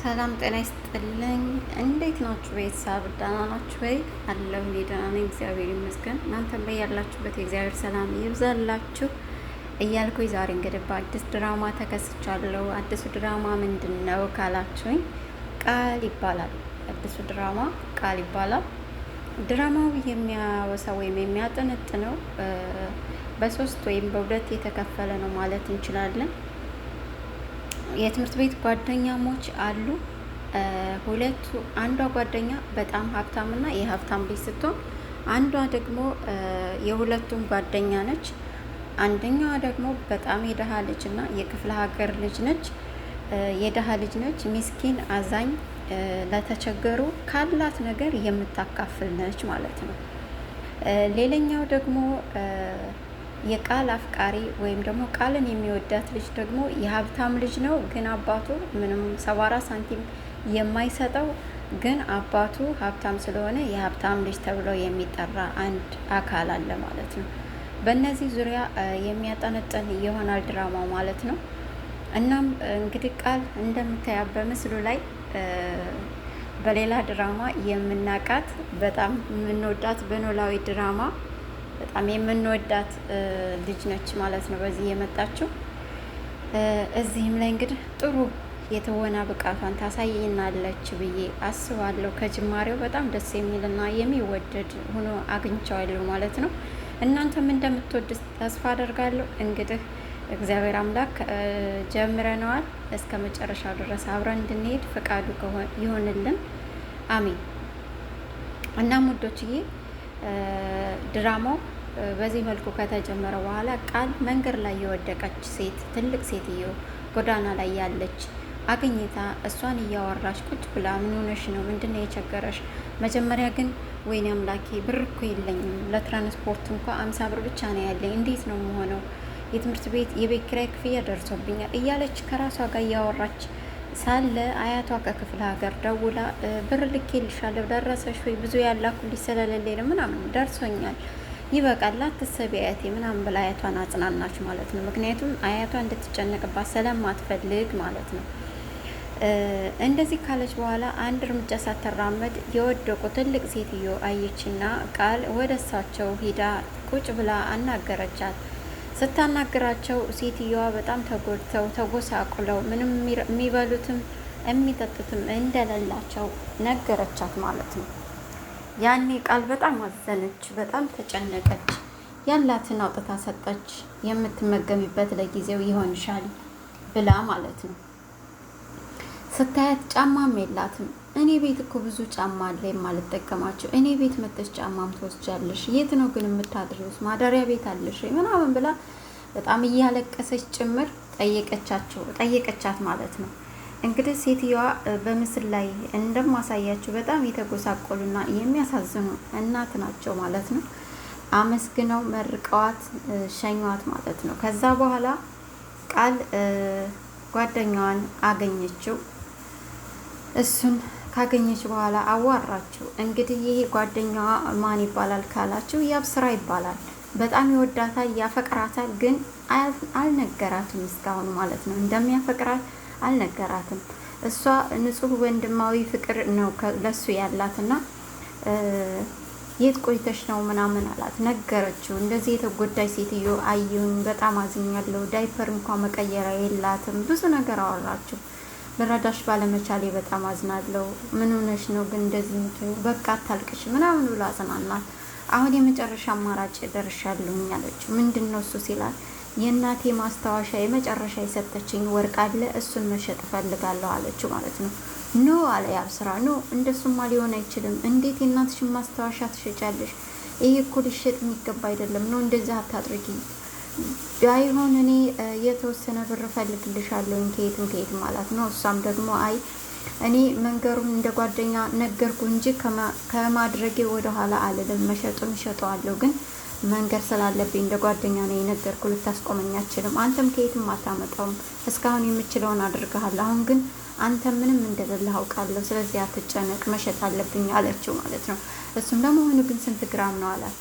ሰላም ጤና ይስጥልኝ። እንዴት ናችሁ ቤተሰብ? ደህና ናችሁ ወይ? አለሁ እኔ ደህና ነኝ፣ እግዚአብሔር ይመስገን። እናንተም በያላችሁበት የእግዚአብሔር ሰላም ይብዛላችሁ እያልኩ ዛሬ እንግዲህ በአዲስ ድራማ ተከስቻለሁ። አዲሱ ድራማ ምንድን ነው ካላችሁኝ፣ ቃል ይባላል። አዲሱ ድራማ ቃል ይባላል። ድራማው የሚያወሳ ወይም የሚያጠነጥነው በሶስት ወይም በሁለት የተከፈለ ነው ማለት እንችላለን። የትምህርት ቤት ጓደኛሞች አሉ። ሁለቱ አንዷ ጓደኛ በጣም ሀብታም እና የሀብታም ቤት ስትሆን አንዷ ደግሞ የሁለቱም ጓደኛ ነች። አንደኛዋ ደግሞ በጣም የደሃ ልጅ እና የክፍለ ሀገር ልጅ ነች። የደሃ ልጅ ነች፣ ሚስኪን አዛኝ፣ ለተቸገሩ ካላት ነገር የምታካፍል ነች ማለት ነው። ሌላኛው ደግሞ የቃል አፍቃሪ ወይም ደግሞ ቃልን የሚወዳት ልጅ ደግሞ የሀብታም ልጅ ነው፣ ግን አባቱ ምንም ሰባ አራት ሳንቲም የማይሰጠው ግን አባቱ ሀብታም ስለሆነ የሀብታም ልጅ ተብሎ የሚጠራ አንድ አካል አለ ማለት ነው። በእነዚህ ዙሪያ የሚያጠነጥን ይሆናል ድራማው ማለት ነው። እናም እንግዲህ ቃል እንደምታያ በምስሉ ላይ በሌላ ድራማ የምናቃት በጣም የምንወዳት በኖላዊ ድራማ በጣም የምንወዳት ልጅ ነች ማለት ነው በዚህ የመጣችው። እዚህም ላይ እንግዲህ ጥሩ የተወና ብቃቷን ታሳይናለች ብዬ አስባለሁ። ከጅማሬው በጣም ደስ የሚልና የሚወደድ ሆኖ አግኝቸዋለሁ ማለት ነው። እናንተም እንደምትወድ ተስፋ አደርጋለሁ። እንግዲህ እግዚአብሔር አምላክ ጀምረነዋል፣ እስከ መጨረሻው ድረስ አብረን እንድንሄድ ፈቃዱ ይሆንልን። አሜን። እናም ውዶችዬ ድራማው በዚህ መልኩ ከተጀመረ በኋላ ቃል መንገድ ላይ የወደቀች ሴት ትልቅ ሴትዮ ጎዳና ላይ ያለች አግኝታ እሷን እያወራች ቁጭ ብላ ምን ሆነሽ ነው? ምንድነው የቸገረሽ? መጀመሪያ ግን ወይኔ አምላኬ ብር እኮ የለኝም ለትራንስፖርት እንኳ አምሳ ብር ብቻ ነው ያለኝ። እንዴት ነው የምሆነው? የትምህርት ቤት የቤት ኪራይ ክፍያ ደርሶብኛል እያለች ከራሷ ጋር እያወራች ሳለ አያቷ ከክፍለ ሀገር ደውላ ብር ልኬልሻለሁ ደረሰሽ ወይ? ብዙ ያላኩ ሊሰለለሌ ነው ምናምን ደርሶኛል፣ ይበቃል፣ አትሰቢ አያቴ ምናምን ብላ አያቷን አጽናናች ማለት ነው። ምክንያቱም አያቷ እንድትጨነቅባት ስለማትፈልግ ማለት ነው። እንደዚህ ካለች በኋላ አንድ እርምጃ ሳትራመድ የወደቁ ትልቅ ሴትዮ አየችና ቃል ወደ እሳቸው ሂዳ ቁጭ ብላ አናገረቻት። ስታናግራቸው ሴትዮዋ በጣም ተጎድተው ተጎሳቁለው ምንም የሚበሉትም የሚጠጡትም እንደሌላቸው ነገረቻት ማለት ነው። ያኔ ቃል በጣም አዘነች፣ በጣም ተጨነቀች። ያላትን አውጥታ ሰጠች። የምትመገቢበት ለጊዜው ይሆንሻል ብላ ማለት ነው። ስታያት ጫማም የላትም እኔ ቤት እኮ ብዙ ጫማ አለ የማልጠቀማቸው። እኔ ቤት መተሽ ጫማም ትወስጃለሽ። የት ነው ግን የምታድሪው? ማደሪያ ቤት አለሽ ምናምን ብላ በጣም እያለቀሰች ጭምር ጠየቀቻቸው ጠየቀቻት ማለት ነው። እንግዲህ ሴትዮዋ በምስል ላይ እንደማሳያችሁ በጣም የተጎሳቆሉና የሚያሳዝኑ እናት ናቸው ማለት ነው። አመስግነው መርቀዋት ሸኟት ማለት ነው። ከዛ በኋላ ቃል ጓደኛዋን አገኘችው እሱን ካገኘች በኋላ አዋራችው። እንግዲህ ይህ ጓደኛዋ ማን ይባላል ካላችሁ ያብስራ ይባላል። በጣም ይወዳታል፣ ያፈቅራታል። ግን አልነገራትም እስካሁን ማለት ነው። እንደሚያፈቅራት አልነገራትም። እሷ ንጹህ ወንድማዊ ፍቅር ነው ለሱ ያላትና የት ቆይተሽ ነው ምናምን አላት። ነገረችው። እንደዚህ የተጎዳች ሴትዮ አየሁኝ፣ በጣም አዝኛለሁ። ዳይፐር እንኳ መቀየሪያ የላትም። ብዙ ነገር አወራችው። ልረዳሽ ባለመቻሌ በጣም አዝናለሁ። ምን ሆነሽ ነው ግን እንደዚህ በቃ አታልቅሽ ምናምን ብሎ አጽናናት። አሁን የመጨረሻ አማራጭ ደርሻለሁኝ አለችው። ምንድን ነው እሱ ሲላል የእናቴ ማስታወሻ የመጨረሻ የሰጠችኝ ወርቅ አለ፣ እሱን መሸጥ እፈልጋለሁ አለችው ማለት ነው። ኖ አለ ያብስራ። ኖ እንደሱማ ሊሆን አይችልም። እንዴት የእናትሽን ማስታወሻ ትሸጫለሽ? ይህ እኮ ሊሸጥ የሚገባ አይደለም። ኖ እንደዚህ አታድርጊኝ ዳይሆን እኔ የተወሰነ ብር እፈልግልሻለሁ ከየትም ከየት ማለት ነው። እሷም ደግሞ አይ እኔ መንገሩን እንደ ጓደኛ ነገርኩ እንጂ ከማድረጌ ወደኋላ አልልም። መሸጡን እሸጠዋለሁ፣ ግን መንገር ስላለብኝ እንደ ጓደኛ ነው የነገርኩ። ልታስቆመኝ አትችልም። አንተም ከየትም አታመጣውም። እስካሁን የምችለውን አድርገሃል። አሁን ግን አንተ ምንም እንደሌለህ አውቃለሁ። ስለዚህ አትጨነቅ፣ መሸጥ አለብኝ አለችው ማለት ነው። እሱም ለመሆኑ ግን ስንት ግራም ነው አላት።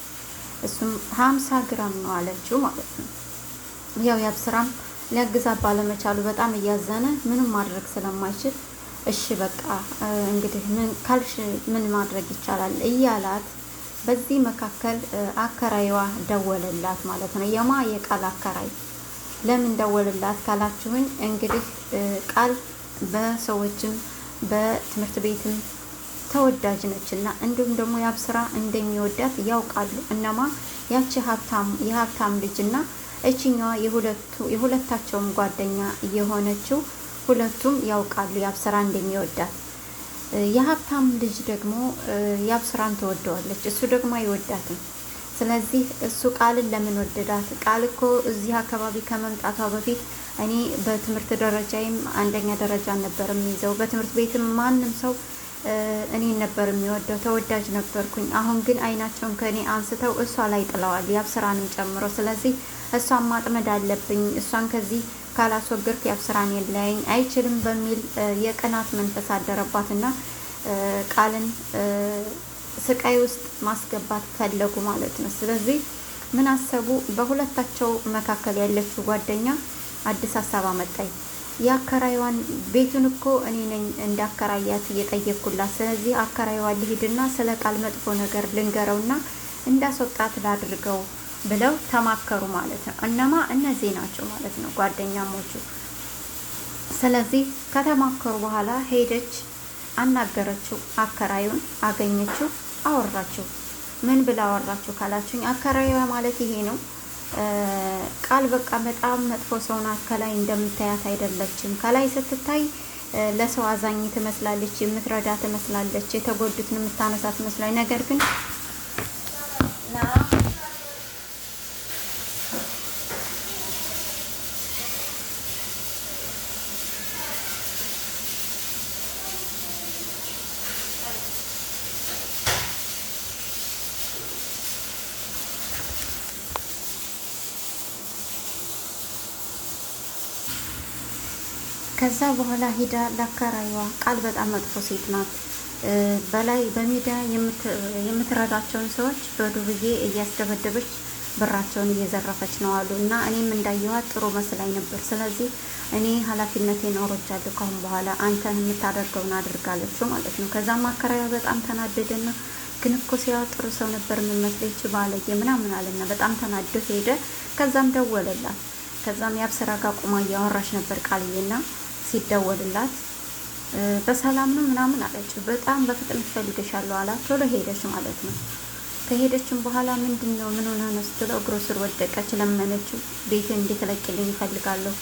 እሱም ሀምሳ ግራም ነው አለችው ማለት ነው። ያው ያብስራም ሊያግዛት ባለመቻሉ በጣም እያዘነ ምንም ማድረግ ስለማይችል እሺ በቃ እንግዲህ ምን ካልሽ ምን ማድረግ ይቻላል እያላት በዚህ መካከል አከራይዋ ደወለላት ማለት ነው። የማ የቃል አከራይ ለምን ደወለላት ካላችሁኝ እንግዲህ ቃል በሰዎችም በትምህርት ቤትም ተወዳጅ ነች እና እንዲሁም ደግሞ የአብስራ እንደሚወዳት ያውቃሉ። እነማ ያቺ የሀብታም ልጅ እና እችኛዋ የሁለታቸውም ጓደኛ የሆነችው ሁለቱም ያውቃሉ የአብስራ እንደሚወዳት። የሀብታም ልጅ ደግሞ የአብስራን ትወደዋለች፣ እሱ ደግሞ አይወዳትም። ስለዚህ እሱ ቃልን ለምን ወደዳት? ቃል እኮ እዚህ አካባቢ ከመምጣቷ በፊት እኔ በትምህርት ደረጃዬም አንደኛ ደረጃ ነበር ይዘው በትምህርት ቤትም ማንም ሰው እኔን ነበር የሚወደው ተወዳጅ ነበርኩኝ። አሁን ግን አይናቸውን ከእኔ አንስተው እሷ ላይ ጥለዋል፣ ያብስራንም ጨምሮ። ስለዚህ እሷን ማጥመድ አለብኝ። እሷን ከዚህ ካላስወገድኩ ያብስራን የለያኝ አይችልም በሚል የቅናት መንፈስ አደረባትና ቃልን ስቃይ ውስጥ ማስገባት ፈለጉ ማለት ነው። ስለዚህ ምን አሰቡ? በሁለታቸው መካከል ያለችው ጓደኛ አዲስ ሀሳብ አመጣኝ የአከራይዋን ቤቱን እኮ እኔ ነኝ እንዳከራያት እየጠየቅኩላት። ስለዚህ አከራይዋ ልሂድና ስለ ቃል መጥፎ ነገር ልንገረውና እንዳስወጣት ላድርገው ብለው ተማከሩ ማለት ነው። እነማ እነዚህ ናቸው ማለት ነው ጓደኛሞቹ። ስለዚህ ከተማከሩ በኋላ ሄደች፣ አናገረችው፣ አከራዩን አገኘችው፣ አወራችው። ምን ብላ አወራችሁ ካላችሁኝ አከራይዋ ማለት ይሄ ነው ቃል በቃ በጣም መጥፎ ሰው ናት። ከላይ እንደምታያት አይደለችም። ከላይ ስትታይ ለሰው አዛኝ ትመስላለች፣ የምትረዳ ትመስላለች፣ የተጎዱትን የምታነሳ ትመስላለች። ነገር ግን ከዛ በኋላ ሂዳ ለአከራይዋ ቃል በጣም መጥፎ ሴት ናት። በላይ በሚዲያ የምትረዳቸውን ሰዎች በዱርዬ እያስደበደበች ብራቸውን እየዘረፈች ነው አሉ እና እኔም እንዳየኋት ጥሩ መስላኝ ነበር። ስለዚህ እኔ ኃላፊነቴን አውርጃለሁ። ካሁን በኋላ አንተን የምታደርገውን አድርጋለች ማለት ነው። ከዛም አከራይዋ በጣም ተናደደና ግን እኮ ሲያው ጥሩ ሰው ነበር የምመስለች ባለየ ምናምን አለና በጣም ተናዶ ሄደ። ከዛም ደወለላት። ከዛም የአብስራ ጋር ቁማ እያወራች ነበር ቃልዬና ሲደወልላት በሰላም ነው ምናምን አለችው። በጣም በፍጥነት ፈልገሻለሁ አላት። ቶሎ ሄደች ማለት ነው። ከሄደችም በኋላ ምንድን ነው ምን ሆነ ነው ስትለው እግሮ ወደቀች፣ ለመነችው። ቤትን እንድትለቅልኝ ይፈልጋለሁ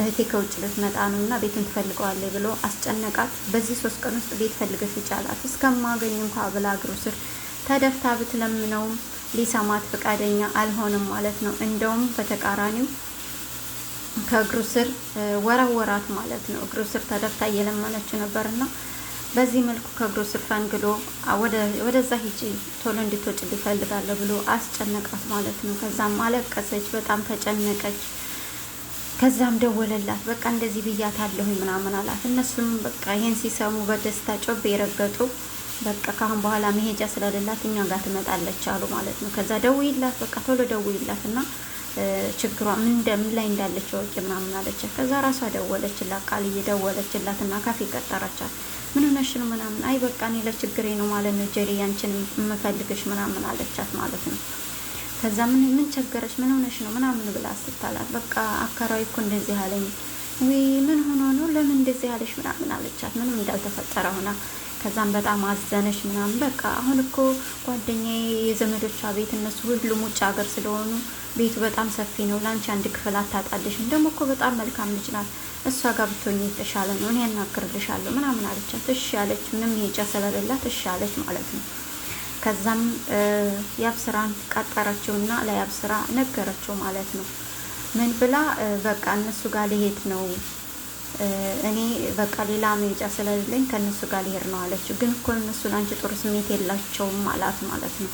እህቴ ከውጭ ልትመጣ ነው እና ቤትን ትፈልገዋለች ብሎ አስጨነቃት። በዚህ ሶስት ቀን ውስጥ ቤት ፈልገሽ ይቻላት እስከማገኝ እንኳ ብላ ግሮስር ስር ተደፍታ ብትለምነውም ሊሰማት ፈቃደኛ አልሆንም ማለት ነው። እንደውም በተቃራኒው ከእግሩ ስር ወረወራት ማለት ነው። እግሩ ስር ተደፍታ እየለመነችው ነበርና በዚህ መልኩ ከእግሩ ስር ፈንግሎ ወደዛ ሂጂ ቶሎ እንድትወጭ ሊፈልጋለሁ ብሎ አስጨነቃት ማለት ነው። ከዛም አለቀሰች፣ በጣም ተጨነቀች። ከዛም ደወለላት። በቃ እንደዚህ ብያት አለሁኝ ምናምን አላት። እነሱም በቃ ይህን ሲሰሙ በደስታ ጮቤ የረገጡ በቃ ካሁን በኋላ መሄጃ ስለሌላት እኛ ጋር ትመጣለች አሉ ማለት ነው። ከዛ ደውይላት፣ በቃ ቶሎ ደውይላት እና ችግሯ ምን እንደምን ላይ እንዳለች ወቂ ምናምን አለች። ከዛ ራሷ ደወለችላት፣ ቃል እየደወለችላት እና ካፌ ቀጠረቻት። ምን ሆነሽ ነው ምናምን፣ አይ በቃ እኔ ለችግሬ ነው ማለት ነው ጀሪ ያንቺን የምፈልግሽ ምናምን አለቻት ማለት ነው። ከዛ ምን ምን ቸገረሽ ምን ሆነሽ ነው ምናምን ብላ ስታላት፣ በቃ አካራዊ እኮ እንደዚህ አለኝ ወይ ምን ሆኖ ነው ለምን እንደዚህ አለሽ ምናምን አለቻት። ምንም እንዳልተፈጠረ ሆና ከዛም በጣም አዘነች ምናምን። በቃ አሁን እኮ ጓደኛዬ የዘመዶቿ ቤት እነሱ ሁሉም ውጭ ሀገር ስለሆኑ ቤቱ በጣም ሰፊ ነው። ለአንቺ አንድ ክፍል አታጣልሽም። ደግሞ እኮ በጣም መልካም ልጅ ናት። እሷ ጋር ብትሆኝ የተሻለ ነው። እኔ ያናግርልሻለሁ ምናምን አለቻት። እሺ አለች። ምንም ሄጫ ስለሌላት እሺ አለች ማለት ነው። ከዛም ያብስራን ቀጠረችውና ለያብስራ ነገረችው ማለት ነው። ምን ብላ በቃ እነሱ ጋር ሊሄድ ነው እኔ በቃ ሌላ መሄጃ ስለሌለኝ ከእነሱ ጋር ልሄድ ነው አለችው። ግን እኮ እነሱ ለአንቺ ጥሩ ስሜት የላቸውም አላት ማለት ነው።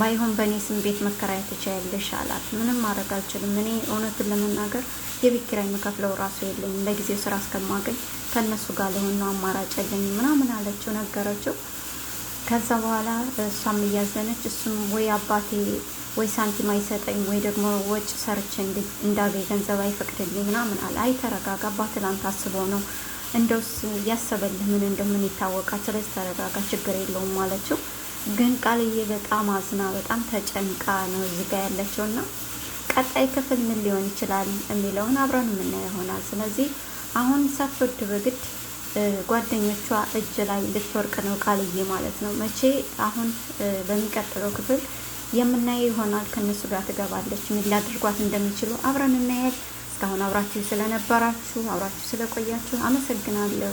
ባይሆን በእኔ ስም ቤት መከራየት ትችያለሽ አላት። ምንም ማድረግ አልችልም። እኔ እውነትን ለመናገር የቤት ኪራይ መከፍለው ራሱ የለኝም። ለጊዜው ስራ እስከማገኝ ከእነሱ ጋር ለሆን ነው አማራጭ የለኝም ምናምን አለችው፣ ነገረችው። ከዛ በኋላ እሷም እያዘነች እሱም ወይ አባቴ ወይ ሳንቲም አይሰጠኝ ወይ ደግሞ ወጭ ሰርቼ እንዳገኝ ገንዘብ አይፈቅድልኝ ምናምን አለ። አይ ተረጋጋ፣ ባትላንት አስቦ ነው እንደውስ ያሰበልህ ምን እንደምን ይታወቃል። ስለዚህ ተረጋጋ፣ ችግር የለውም ማለችው። ግን ቃልዬ በጣም አዝና በጣም ተጨንቃ ነው እዚህ ጋ ያለችው እና ቀጣይ ክፍል ምን ሊሆን ይችላል የሚለውን አብረን የምናየው ይሆናል። ስለዚህ አሁን ሳትወድ በግድ ጓደኞቿ እጅ ላይ ልትወርቅ ነው ቃልዬ ማለት ነው። መቼ አሁን በሚቀጥለው ክፍል የምናየው ይሆናል። ከነሱ ጋር ትገባለች። ምን ሊያድርጓት እንደሚችሉ አብረን እናያለን። እስካሁን አብራችሁ ስለነበራችሁ አብራችሁ ስለቆያችሁ አመሰግናለሁ።